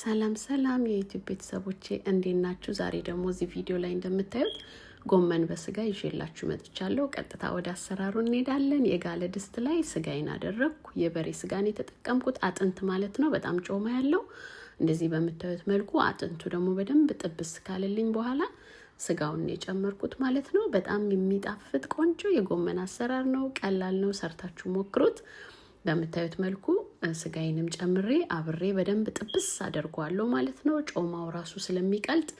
ሰላም ሰላም የዩቲዩብ ቤተሰቦቼ እንዴት ናችሁ? ዛሬ ደግሞ እዚህ ቪዲዮ ላይ እንደምታዩት ጎመን በስጋ ይዤላችሁ መጥቻለሁ። ቀጥታ ወደ አሰራሩ እንሄዳለን። የጋለ ድስት ላይ ስጋዬን አደረግኩ። የበሬ ስጋን የተጠቀምኩት አጥንት ማለት ነው። በጣም ጮማ ያለው እንደዚህ በምታዩት መልኩ አጥንቱ ደግሞ በደንብ ጥብስ ካለልኝ በኋላ ስጋውን የጨመርኩት ማለት ነው። በጣም የሚጣፍጥ ቆንጆ የጎመን አሰራር ነው። ቀላል ነው። ሰርታችሁ ሞክሩት። በምታዩት መልኩ ስጋዬንም ጨምሬ አብሬ በደንብ ጥብስ አደርገዋለሁ ማለት ነው። ጮማው ራሱ ስለሚቀልጥ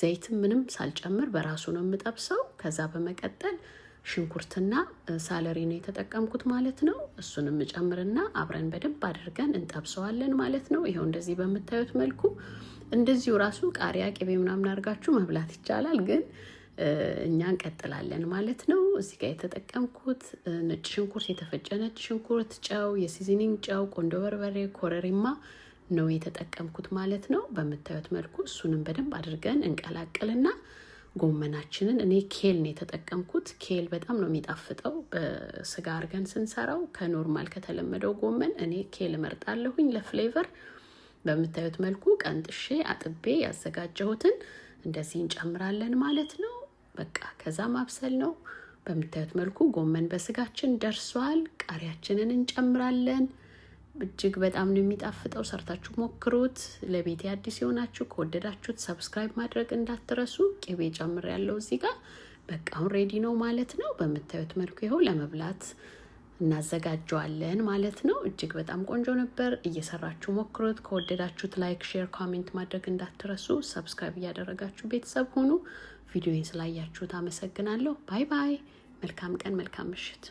ዘይትም ምንም ሳልጨምር በራሱ ነው የምጠብሰው። ከዛ በመቀጠል ሽንኩርትና ሳለሪ ነው የተጠቀምኩት ማለት ነው። እሱንም እጨምርና አብረን በደንብ አድርገን እንጠብሰዋለን ማለት ነው። ይኸው እንደዚህ በምታዩት መልኩ እንደዚሁ ራሱ ቃሪያ፣ ቅቤ ምናምን አድርጋችሁ መብላት ይቻላል ግን እኛ እንቀጥላለን ማለት ነው። እዚህ ጋር የተጠቀምኩት ነጭ ሽንኩርት፣ የተፈጨ ነጭ ሽንኩርት፣ ጨው፣ የሲዝኒንግ ጨው፣ ቆንዶ በርበሬ፣ ኮረሪማ ነው የተጠቀምኩት ማለት ነው። በምታዩት መልኩ እሱንም በደንብ አድርገን እንቀላቅልና ጎመናችንን እኔ ኬል ነው የተጠቀምኩት። ኬል በጣም ነው የሚጣፍጠው በስጋ አድርገን ስንሰራው ከኖርማል ከተለመደው ጎመን እኔ ኬል እመርጣለሁኝ ለፍሌቨር። በምታዩት መልኩ ቀንጥሼ አጥቤ ያዘጋጀሁትን እንደዚህ እንጨምራለን ማለት ነው። በቃ ከዛ ማብሰል ነው። በምታዩት መልኩ ጎመን በስጋችን ደርሷል። ቃሪያችንን እንጨምራለን። እጅግ በጣም ነው የሚጣፍጠው። ሰርታችሁ ሞክሩት። ለቤቴ አዲስ የሆናችሁ ከወደዳችሁት ሰብስክራይብ ማድረግ እንዳትረሱ። ቅቤ ጨምር ያለው እዚህ ጋር በቃ አሁን ሬዲ ነው ማለት ነው። በምታዩት መልኩ ይኸው ለመብላት እናዘጋጀዋለን ማለት ነው። እጅግ በጣም ቆንጆ ነበር። እየሰራችሁ ሞክሩት። ከወደዳችሁት ላይክ፣ ሼር፣ ኮሜንት ማድረግ እንዳትረሱ። ሰብስክራይብ እያደረጋችሁ ቤተሰብ ሁኑ። ቪዲዮን ስላያችሁት አመሰግናለሁ። ባይ ባይ። መልካም ቀን፣ መልካም ምሽት።